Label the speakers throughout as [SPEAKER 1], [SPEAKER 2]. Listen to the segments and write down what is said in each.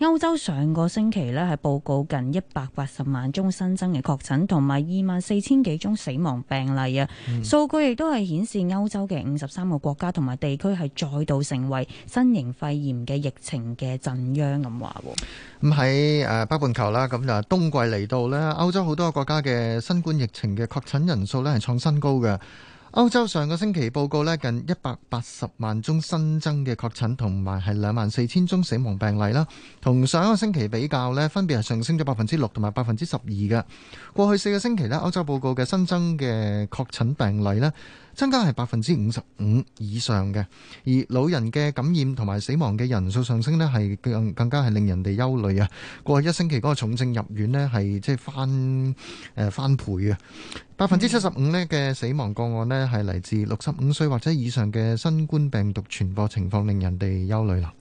[SPEAKER 1] 歐洲上個星期呢係報告近一百八十萬宗新增嘅確診，同埋二萬四千幾宗死亡病例啊！數據亦都係顯示歐洲嘅五十三個國家同埋地區係再度成為新型肺炎嘅疫情嘅震央咁話。咁
[SPEAKER 2] 喺誒北半球啦，咁就冬季嚟到呢，歐洲好多國家嘅新冠疫情嘅確診人數呢係創新高嘅。歐洲上個星期報告呢近一百八十萬宗新增嘅確診，同埋係兩萬四千宗死亡病例啦。同上一個星期比較呢，分別係上升咗百分之六同埋百分之十二嘅。過去四個星期呢，歐洲報告嘅新增嘅確診病例呢。增加係百分之五十五以上嘅，而老人嘅感染同埋死亡嘅人數上升呢，係更更加係令人哋憂慮啊！過去一星期嗰個重症入院呢，係即係翻、誒、呃、翻倍啊！百分之七十五呢嘅死亡個案呢，係嚟自六十五歲或者以上嘅新冠病毒傳播情況，令人哋憂慮啦。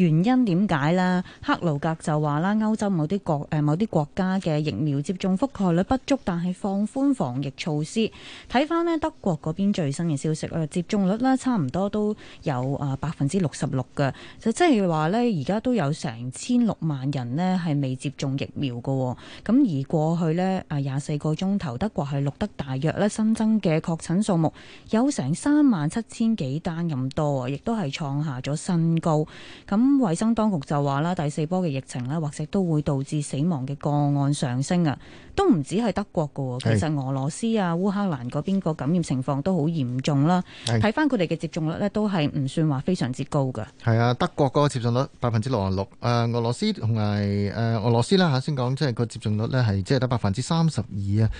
[SPEAKER 1] 原因點解呢？克魯格就話啦，歐洲某啲國誒某啲國家嘅疫苗接種覆蓋率不足，但係放寬防疫措施。睇翻呢，德國嗰邊最新嘅消息，接種率呢差唔多都有啊百分之六十六㗎。就即係話呢，而家都有成千六萬人呢係未接種疫苗喎。咁而過去呢，啊廿四個鐘頭，德國係錄得大約呢新增嘅確診數目有成三萬七千幾單咁多，亦都係創下咗新高。咁嗯、衛生當局就話啦，第四波嘅疫情呢，或者都會導致死亡嘅個案上升啊，都唔止係德國噶，其實俄羅斯啊、烏克蘭嗰邊個感染情況都好嚴重啦。睇翻佢哋嘅接種率呢，都係唔算話非常之高噶。
[SPEAKER 2] 係啊，德國嗰個接種率百分之六啊六，誒，俄羅斯同埋誒俄羅斯啦吓，先講即係個接種率呢，係即係得百分之三十二啊。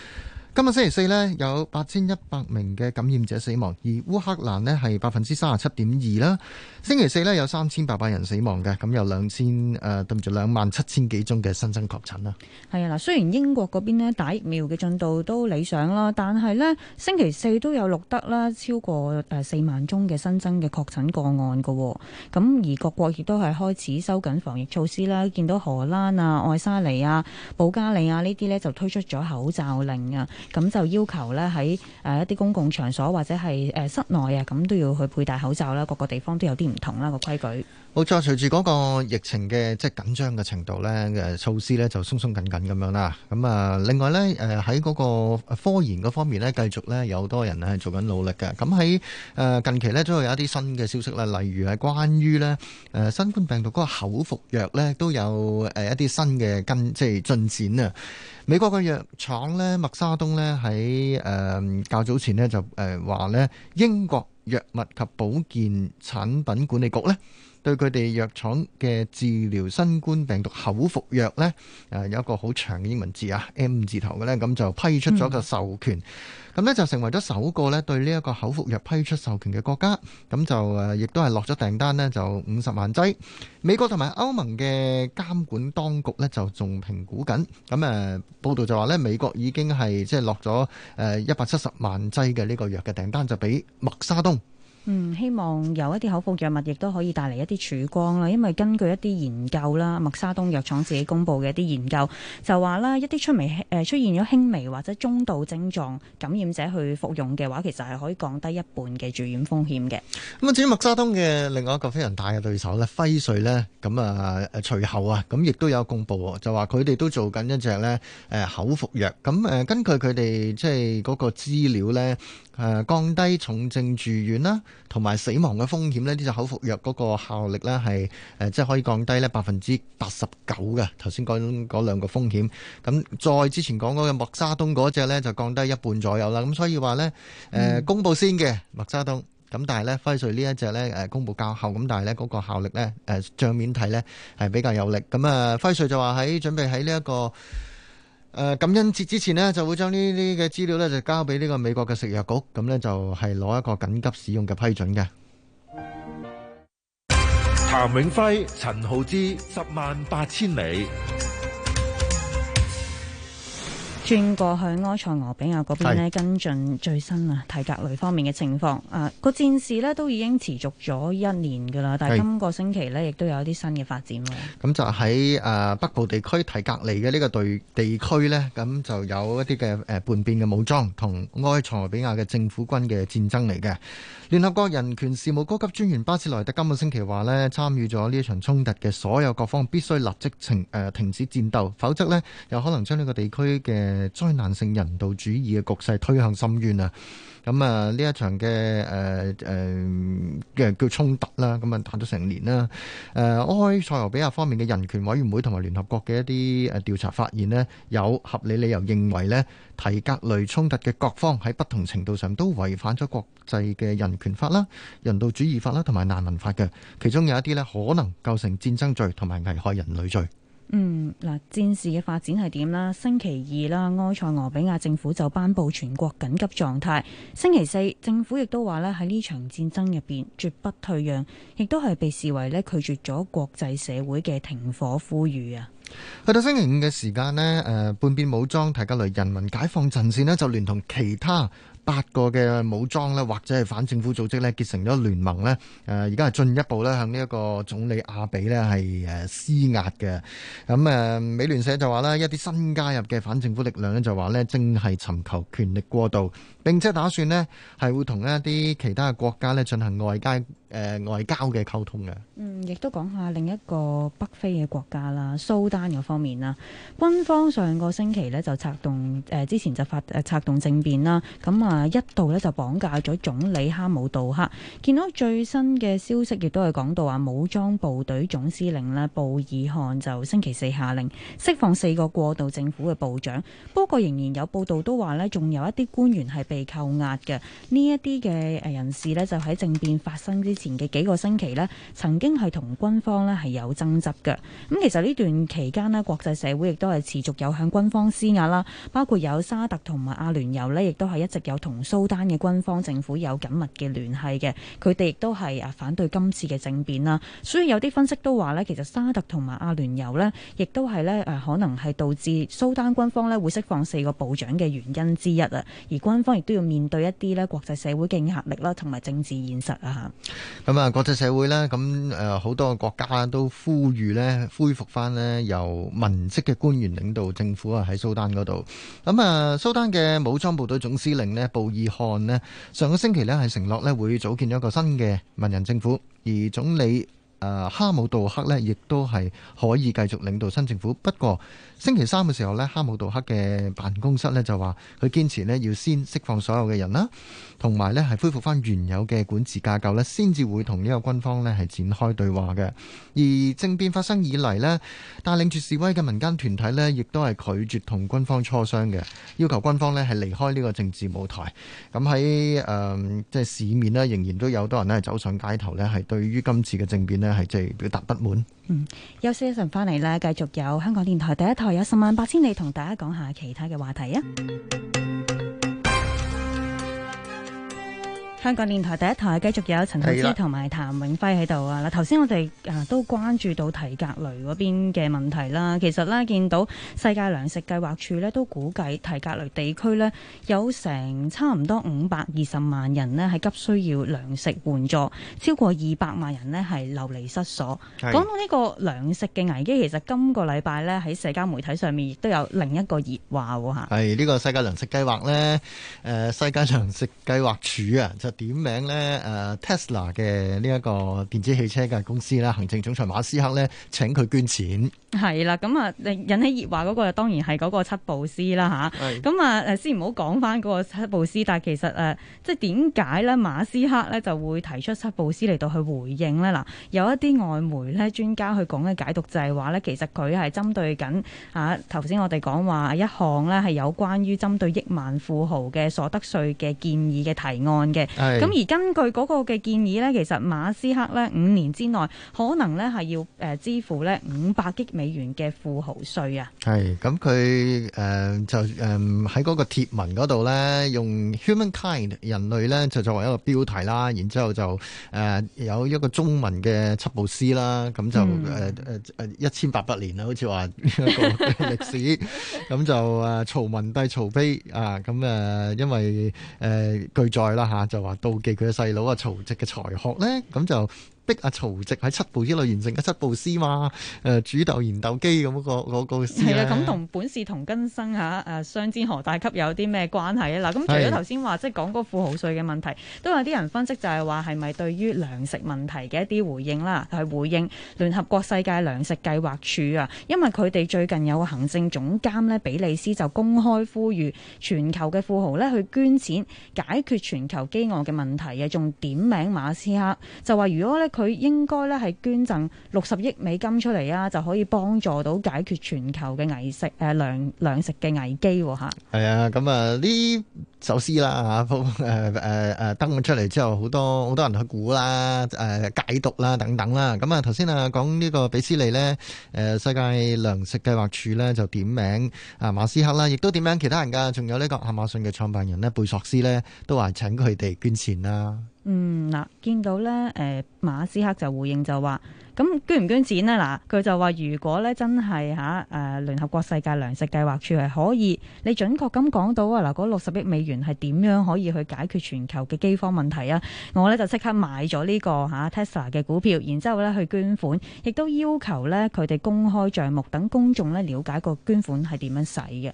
[SPEAKER 2] 今日星期四呢，有八千一百名嘅感染者死亡，而烏克蘭呢，係百分之三十七點二啦。星期四呢，有三千八百人死亡嘅，咁有兩千誒對唔住兩萬七千幾宗嘅新增確診啦。
[SPEAKER 1] 係啊，嗱，雖然英國嗰邊呢，打疫苗嘅進度都理想啦，但係呢，星期四都有錄得啦，超過誒四萬宗嘅新增嘅確診個案噶。咁而各國亦都係開始收緊防疫措施啦，見到荷蘭啊、愛沙尼亞、保加利亞呢啲呢，就推出咗口罩令啊。咁就要求咧喺誒一啲公共場所或者係誒室內啊，咁都要去佩戴口罩啦。各個地方都有啲唔同啦，個規矩。
[SPEAKER 2] 好，再隨住嗰個疫情嘅即係緊張嘅程度咧，嘅措施咧就鬆鬆緊緊咁樣啦。咁啊，另外咧，誒喺嗰個科研嗰方面咧，繼續咧有多人係做緊努力嘅。咁喺誒近期咧，都有一啲新嘅消息咧，例如係關於咧誒新冠病毒嗰個口服藥咧，都有誒一啲新嘅跟即係進展啊。美國嘅藥廠咧，默沙東咧喺誒較早前呢，就誒話咧英國藥物及保健產品管理局咧。對佢哋藥廠嘅治療新冠病毒口服藥呢，誒有一個好長嘅英文字啊，M 字頭嘅呢，咁就批出咗個授權，咁、嗯、呢就成為咗首個呢對呢一個口服藥批出授權嘅國家，咁就誒亦都係落咗訂單呢，就五十萬劑。美國同埋歐盟嘅監管當局呢，就仲評估緊，咁誒報道就話呢，美國已經係即係落咗誒一百七十萬劑嘅呢個藥嘅訂單，就俾默沙東。
[SPEAKER 1] 嗯，希望有一啲口服藥物亦都可以帶嚟一啲曙光啦。因為根據一啲研究啦，默沙東藥廠自己公布嘅一啲研究就話啦，一啲出微誒、呃、出現咗輕微或者中度症狀感染者去服用嘅話，其實係可以降低一半嘅住院風險嘅。
[SPEAKER 2] 咁至於默沙東嘅另外一個非常大嘅對手呢，輝瑞呢，咁啊隨後啊，咁亦都有公布，就話佢哋都做緊一隻咧誒口服藥。咁誒，根據佢哋即係嗰個資料呢，誒降低重症住院啦，同埋死亡嘅風險呢，呢隻口服藥嗰個效力呢，係即係可以降低呢百分之八十九嘅。頭先講嗰兩個風險，咁再之前講嗰個默沙東嗰隻呢，就降低一半左右啦。咁所以話呢、呃嗯、呢、呢，公布先嘅默沙東，咁但係呢，輝瑞呢一隻呢，公布較後，咁但係呢，嗰個效力呢，誒、呃，帳面睇呢，係比較有力。咁啊，輝瑞就話喺準備喺呢一個。誒、呃，感恩節之前呢就會將呢啲嘅資料呢就交俾呢個美國嘅食藥局，咁呢就係、是、攞一個緊急使用嘅批准嘅。譚永輝、陳浩之，十萬八千里。
[SPEAKER 1] 轉過去埃塞俄比亞嗰邊咧，跟進最新啊，提格雷方面嘅情況，啊、呃、個戰事呢都已經持續咗一年㗎啦，但係今個星期呢，亦都有啲新嘅發展喎。
[SPEAKER 2] 咁就喺誒、呃、北部地區提格雷嘅呢個對地區呢，咁就有一啲嘅誒叛變嘅武裝同埃塞俄比亞嘅政府軍嘅戰爭嚟嘅。聯合國人權事務高級專員巴斯萊特今個星期話呢，參與咗呢一場衝突嘅所有各方必須立即停誒停止戰鬥，否則呢有可能將呢個地區嘅誒，災難性人道主義嘅局勢推向深淵啊！咁啊，呢一場嘅誒誒嘅叫衝突啦，咁啊打咗成年啦。誒，埃塞俄比亞方面嘅人權委員會同埋聯合國嘅一啲誒調查發現呢，有合理理由認為呢，提格雷衝突嘅各方喺不同程度上都違反咗國際嘅人權法啦、人道主義法啦同埋難民法嘅。其中有一啲呢，可能構成戰爭罪同埋危害人類罪。
[SPEAKER 1] 嗯，嗱，戰事嘅發展係點啦？星期二啦，埃塞俄比亞政府就頒佈全國緊急狀態。星期四，政府亦都話咧喺呢場戰爭入邊絕不退讓，亦都係被視為咧拒絕咗國際社會嘅停火呼籲啊！
[SPEAKER 2] 去到星期五嘅時間呢，誒叛變武裝提格雷人民解放陣線呢就聯同其他八個嘅武裝咧，或者係反政府組織咧，結成咗聯盟咧。誒，而家係進一步咧，向呢一個總理阿比咧係誒施壓嘅。咁誒，美聯社就話呢一啲新加入嘅反政府力量咧，就話呢正係尋求權力過渡，並且打算呢係會同一啲其他嘅國家咧進行外交誒外交嘅溝通嘅。嗯，
[SPEAKER 1] 亦都講下另一個北非嘅國家啦，蘇丹嗰方面啦，軍方上個星期呢就策動誒，之前就發誒策動政變啦，咁啊。啊，一度呢就綁架咗總理哈姆杜克。見到最新嘅消息也，亦都係講到話武裝部隊總司令咧，布爾汗就星期四下令釋放四個過渡政府嘅部長。不過仍然有報道都話呢，仲有一啲官員係被扣押嘅。呢一啲嘅人士呢，就喺政變發生之前嘅幾個星期呢，曾經係同軍方呢係有爭執嘅。咁其實呢段期間呢，國際社會亦都係持續有向軍方施壓啦，包括有沙特同埋阿聯酋呢，亦都係一直有。同蘇丹嘅軍方政府有緊密嘅聯繫嘅，佢哋亦都係啊反對今次嘅政變啦。所以有啲分析都話呢，其實沙特同埋阿聯酋呢，亦都係呢誒，可能係導致蘇丹軍方呢會釋放四個部長嘅原因之一啊。而軍方亦都要面對一啲呢國際社會嘅壓力啦，同埋政治現實啊嚇。
[SPEAKER 2] 咁啊，國際社會呢，咁誒好多個國家都呼籲呢，恢復翻呢由文職嘅官員領導政府啊，喺蘇丹嗰度。咁啊，蘇丹嘅武裝部隊總司令呢。布爾漢呢，上個星期呢，係承諾呢會組建一個新嘅文人政府，而總理。誒，哈姆杜克呢亦都係可以繼續領導新政府。不過星期三嘅時候呢，哈姆杜克嘅辦公室呢就話佢堅持呢要先釋放所有嘅人啦，同埋呢係恢復翻原有嘅管治架構呢先至會同呢個軍方呢係展開對話嘅。而政變發生以嚟呢，帶領住示威嘅民間團體呢亦都係拒絕同軍方磋商嘅，要求軍方呢係離開呢個政治舞台。咁喺誒即係市面呢，仍然都有好多人呢走上街頭呢係對於今次嘅政變呢，係即係表達不滿。嗯，
[SPEAKER 1] 休息一陣翻嚟啦，繼續有香港電台第一台，有十萬八千里同大家講下其他嘅話題啊。香港電台第一台繼續有陳國芝同埋譚永輝喺度啊！啦，頭先我哋都關注到提格雷嗰邊嘅問題啦。其實呢，見到世界糧食計劃署呢，都估計提格雷地區呢，有成差唔多五百二十萬人呢，係急需要糧食援助，超過二百萬人呢，係流離失所。講到呢個糧食嘅危機，其實今個禮拜呢，喺社交媒體上面亦都有另一個熱話吓。
[SPEAKER 2] 係呢、這個世界糧食計劃呢，誒、呃，世界糧食計劃署啊。點名，呢，誒，Tesla 嘅呢一個電子汽車嘅公司啦，行政總裁馬斯克呢，請佢捐錢。
[SPEAKER 1] 係啦，咁啊，引起熱話嗰個當然係嗰個七步詩啦吓，咁啊誒，先唔好講翻嗰個七步詩，但係其實誒，即係點解呢？馬斯克呢就會提出七步詩嚟到去回應呢？嗱，有一啲外媒呢專家去講嘅解讀就係話呢，其實佢係針對緊啊頭先我哋講話，一項呢係有關於針對億萬富豪嘅所得稅嘅建議嘅提案嘅。咁而根據嗰個嘅建議咧，其實馬斯克咧五年之內可能咧係，要誒支付咧五百億美元嘅富豪稅啊！
[SPEAKER 2] 係咁佢誒就誒喺嗰個貼文嗰度咧，用 human kind 人類咧就作為一個標題啦，然之後就誒、呃、有一個中文嘅七步詩啦，咁就誒誒誒一千八百年啦，好似話一個歷史，咁 就誒、呃、曹文帝曹丕啊，咁、呃、誒因為誒、呃、巨載啦吓就話，妒忌佢嘅細佬啊曹植嘅才學咧，咁就。曹植喺七步之內完成嘅七步詩嘛？誒、呃、煮豆燃豆萁咁、那個、那個個詩係啦。咁同
[SPEAKER 1] 本是同根生嚇誒相煎何太急有啲咩關係啊？嗱，咁除咗頭先話即係講嗰富豪稅嘅問題，都有啲人分析就係話係咪對於糧食問題嘅一啲回應啦？係、就是、回應聯合國世界糧食計劃署啊，因為佢哋最近有個行政總監咧，比利斯就公開呼籲全球嘅富豪呢去捐錢解決全球饑餓嘅問題啊！仲點名馬斯克，就話如果呢。佢應該咧係捐贈六十億美金出嚟啊，就可以幫助到解決全球嘅危食誒糧、呃、糧食嘅危機吓，
[SPEAKER 2] 係啊，咁啊呢首詩啦嚇，誒誒誒登咗出嚟之後，好多好多人去估啦，誒、啊、解讀啦等等啦。咁啊頭先啊講呢個比斯利呢，誒世界糧食計劃署咧就點名啊馬斯克啦，亦都點名其他人㗎，仲有呢個亞馬遜嘅創辦人呢，貝索斯呢，都話請佢哋捐錢啦。
[SPEAKER 1] 嗯，嗱，見到咧，誒，馬斯克就回應就話，咁捐唔捐錢呢？嗱，佢就話如果咧真係吓，誒、啊，啊，聯合國世界糧食計劃署係可以，你準確咁講到啊，嗱，嗰六十億美元係點樣可以去解決全球嘅饑荒問題啊？我咧就即刻買咗呢、呢個吓 Tesla 嘅股票，然之後咧去捐款，亦都要求咧佢哋公開賬目，等公眾咧了解個捐款係點樣使嘅。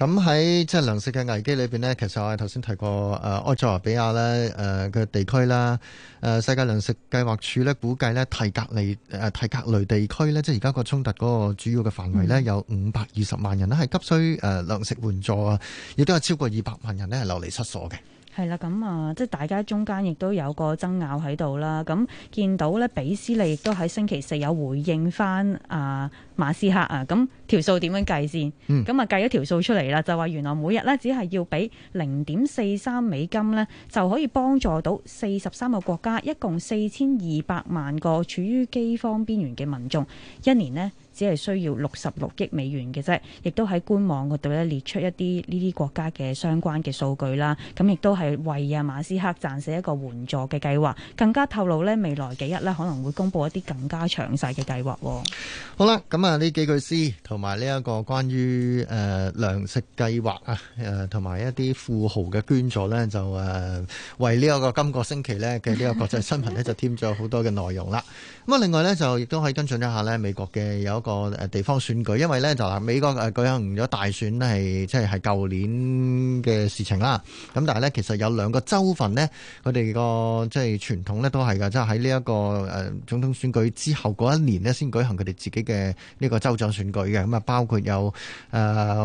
[SPEAKER 2] 咁喺即係糧食嘅危機裏邊咧，其實我哋頭先提過誒、呃，埃塞俄比亞咧，誒，嘅地區啦，誒、呃，世界糧食計劃署咧估計咧、呃，提格雷誒，提格雷地區咧，即係而家個衝突嗰個主要嘅範圍咧，有五百二十萬人咧係急需誒糧食援助啊，亦都有超過二百萬人咧係流離失所嘅。
[SPEAKER 1] 係啦，咁啊，即係大家中間亦都有個爭拗喺度啦。咁見到咧，比斯利亦都喺星期四有回應翻啊馬斯克啊。咁條數點樣計先？咁、嗯、啊，計咗條數出嚟啦，就話原來每日咧只係要俾零點四三美金咧，就可以幫助到四十三個國家，一共四千二百萬個處於飢荒邊緣嘅民眾一年呢。只係需要六十六億美元嘅啫，亦都喺官網度咧列出一啲呢啲國家嘅相關嘅數據啦。咁亦都係為阿馬斯克撰寫一個援助嘅計劃，更加透露呢，未來幾日咧可能會公布一啲更加詳細嘅計劃。好
[SPEAKER 2] 啦，咁啊呢幾句詩同埋呢一個關於誒、呃、糧食計劃啊，誒同埋一啲富豪嘅捐助呢，就誒、呃、為呢一個今個星期呢嘅呢個國際新聞呢， 就添咗好多嘅內容啦。咁啊另外呢，就亦都可以跟進一下呢美國嘅有一個。個誒地方選舉，因為咧就係美國誒舉行咗大選呢係即係係舊年嘅事情啦。咁但係咧，其實有兩個州份呢，佢哋個即係傳統咧都係噶，即係喺呢一個誒總統選舉之後嗰一年呢，先舉行佢哋自己嘅呢個州長選舉嘅。咁啊，包括有誒、呃、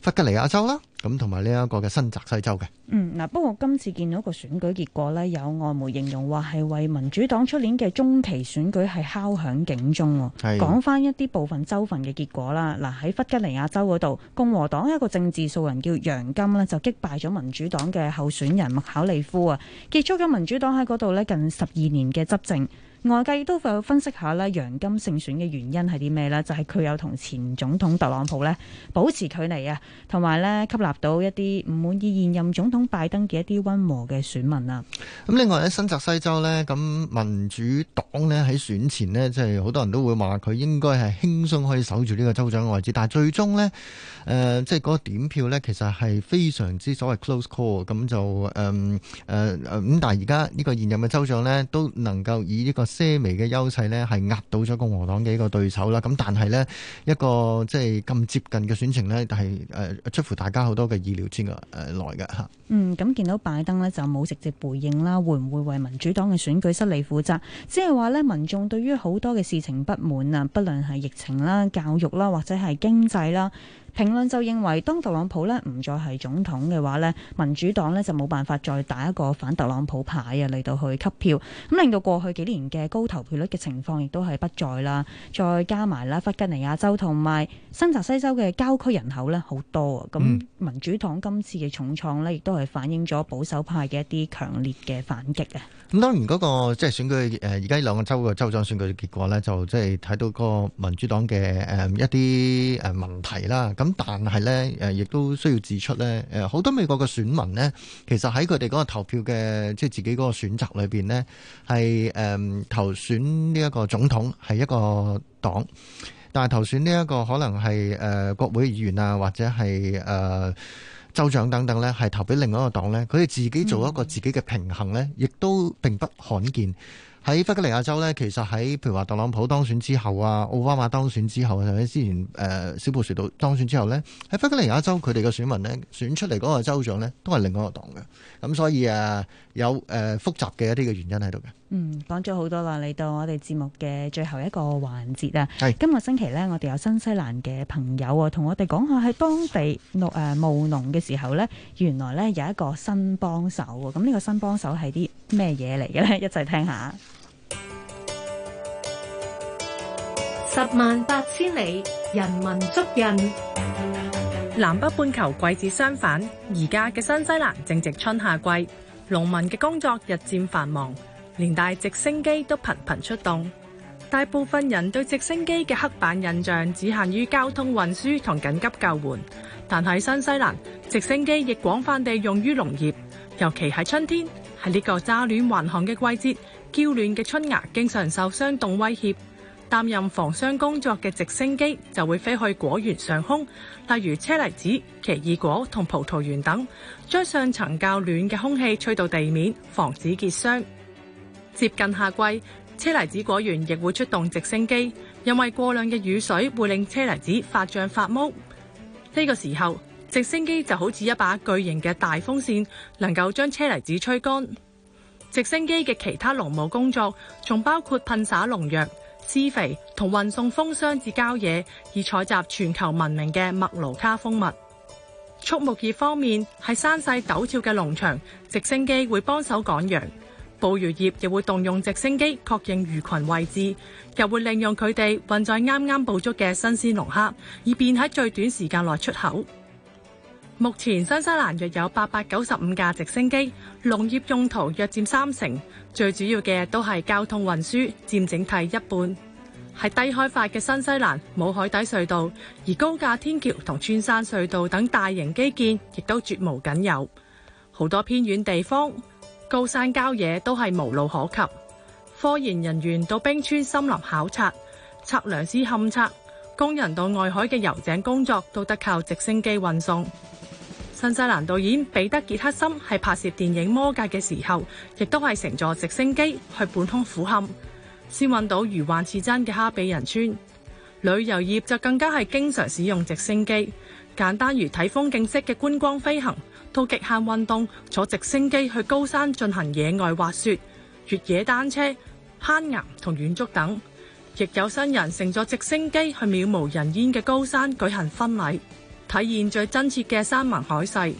[SPEAKER 2] 弗吉尼亞州啦。咁同埋呢一個嘅新澤西州嘅，嗯，
[SPEAKER 1] 嗱，不過今次見到個選舉結果呢，有外媒形容話係為民主黨出年嘅中期選舉係敲響警鐘喎。講返一啲部分州份嘅結果啦，嗱喺弗吉尼亞州嗰度，共和黨一個政治素人叫楊金呢，就擊敗咗民主黨嘅候選人麥考利夫啊，結束咗民主黨喺嗰度咧近十二年嘅執政。外界亦都分析下呢，楊金勝選嘅原因係啲咩呢？就係佢有同前總統特朗普呢，保持距離啊，同埋呢吸納到一啲唔滿意現任總統拜登嘅一啲溫和嘅選民啊。
[SPEAKER 2] 咁另外喺新澤西州呢，咁民主黨呢喺選前呢，即係好多人都會話佢應該係輕鬆可以守住呢個州長嘅位置，但係最終呢，誒即係嗰個點票呢，其實係非常之所謂 close call，咁就誒誒誒咁。但係而家呢個現任嘅州長呢，都能夠以呢個。些微嘅優勢呢，係壓倒咗共和黨嘅一個對手啦。咁但係呢，一個即係咁接近嘅選情呢，係、呃、誒出乎大家好多嘅意料之外嚟嘅嚇。嗯，
[SPEAKER 1] 咁見到拜登呢，就冇直接回應啦，會唔會為民主黨嘅選舉失利負責？即係話呢，民眾對於好多嘅事情不滿啊，不論係疫情啦、教育啦，或者係經濟啦。評論就認為，當特朗普呢唔再係總統嘅話呢，民主黨呢就冇辦法再打一個反特朗普牌啊，嚟到去吸票。咁令到過去幾年嘅高投票率嘅情況亦都係不在啦。再加埋啦，弗吉尼亞州同埋新澤西州嘅郊區人口呢，好多啊。咁民主黨今次嘅重創呢，亦都係反映咗保守派嘅一啲強烈嘅反擊啊。咁、
[SPEAKER 2] 嗯、當然嗰、那個即係、就是、選舉誒，而家兩個州嘅州長選舉嘅結果呢，就即係睇到個民主黨嘅誒一啲誒問題啦。咁但係咧，誒，亦都需要指出咧，誒，好多美國嘅選民呢，其實喺佢哋嗰個投票嘅，即係自己嗰個選擇裏邊呢，係誒、嗯、投選呢一個總統係一個黨，但係投選呢一個可能係誒、呃、國會議員啊，或者係誒、呃、州長等等咧，係投俾另外一個黨咧，佢哋自己做一個自己嘅平衡咧，亦都並不罕見。喺弗吉尼亞州咧，其實喺譬如話特朗普當選之後啊，奧巴馬當選之後啊，甚至之前誒小布殊到當選之後咧，喺弗吉尼亞州佢哋嘅選民咧，選出嚟嗰個州長咧都係另外一個黨嘅，咁所以誒、啊。有誒、呃、複雜嘅一啲嘅原因喺度嘅。嗯，
[SPEAKER 1] 講咗好多啦。嚟到我哋節目嘅最後一個環節啦。係今個星期呢，我哋有新西蘭嘅朋友啊、哦，同我哋講下喺當地、呃、農誒務農嘅時候呢，原來呢有一個新幫手啊、哦。咁呢個新幫手係啲咩嘢嚟嘅呢？一齊聽下。
[SPEAKER 3] 十萬八千里，人文足印。南北半球季節相反，而家嘅新西蘭正值春夏季。農民嘅工作日漸繁忙，連帶直升機都頻頻出動。大部分人對直升機嘅刻板印象只限於交通運輸同緊急救援，但喺新西蘭，直升機亦廣泛地用於農業，尤其喺春天，係呢個乍暖還寒嘅季節，嬌嫩嘅春芽經常受霜凍威脅。擔任防霜工作嘅直升機就會飛去果園上空，例如車厘子、奇異果同葡萄園等，將上層較暖嘅空氣吹到地面，防止結霜。接近夏季，車厘子果園亦會出動直升機，因為過量嘅雨水會令車厘子發脹發毛。呢、這個時候，直升機就好似一把巨型嘅大風扇，能夠將車厘子吹乾。直升機嘅其他農務工作，仲包括噴灑農藥，施肥同運送蜂箱至郊野，以採集全球聞名嘅麥盧卡蜂蜜。畜牧業方面，喺山勢陡峭嘅農場，直升機會幫手趕羊；捕魚業亦會動用直升機確認魚群位置，又會利用佢哋運載啱啱捕捉嘅新鮮龍蝦，以便喺最短時間內出口。目前新西蘭約有八百九十五架直升機，農業用途約佔三成。最主要嘅都係交通運輸，佔整體一半。係低開發嘅新西蘭冇海底隧道，而高架天橋同穿山隧道等大型基建亦都絕無僅有。好多偏遠地方高山郊野都係無路可及，科研人員到冰川森林考察，測量師勘測，工人到外海嘅油井工作，都得靠直升機運送。新西蘭導演彼得傑克森喺拍攝電影《魔界》嘅時候，亦都係乘坐直升機去半空俯瞰，先揾到如幻似真嘅哈比人村。旅遊業就更加係經常使用直升機，簡單如睇風景式嘅觀光飛行，到極限運動坐直升機去高山進行野外滑雪、越野單車、攀岩同遠足等，亦有新人乘坐直升機去渺無人煙嘅高山舉行婚禮。體現最真切嘅山盟海誓。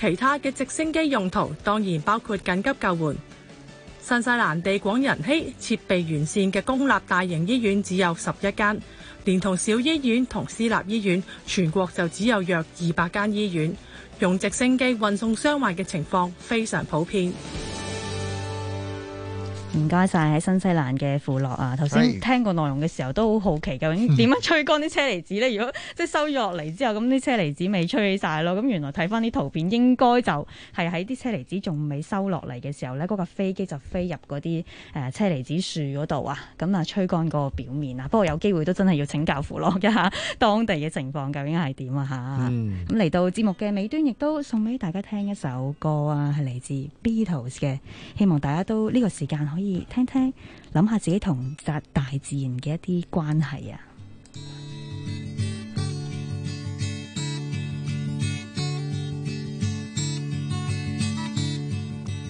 [SPEAKER 3] 其他嘅直升機用途當然包括緊急救援。新西蘭地廣人稀，設備完善嘅公立大型醫院只有十一間，連同小醫院同私立醫院，全國就只有約二百間醫院，用直升機運送傷患嘅情況非常普遍。
[SPEAKER 1] 唔該晒，喺新西蘭嘅符樂啊，頭先聽過內容嘅時候都好好奇究竟點樣吹乾啲車厘子咧？嗯、如果即係收咗落嚟之後，咁啲車厘子未吹晒咯。咁原來睇返啲圖片，應該就係喺啲車厘子仲未收落嚟嘅時候咧，嗰個飛機就飛入啲誒車厘子樹度啊。咁、嗯、啊，吹乾個表面啊。不過有機會都真係要請教符樂一下當地嘅情況究竟係點啊？嚇。咁嚟到節目嘅尾端，亦都送俾大家聽一首歌啊，係嚟自 Beatles 嘅。希望大家都呢個時間可以。聽聽，諗下自己同扎大自然嘅一啲關係啊！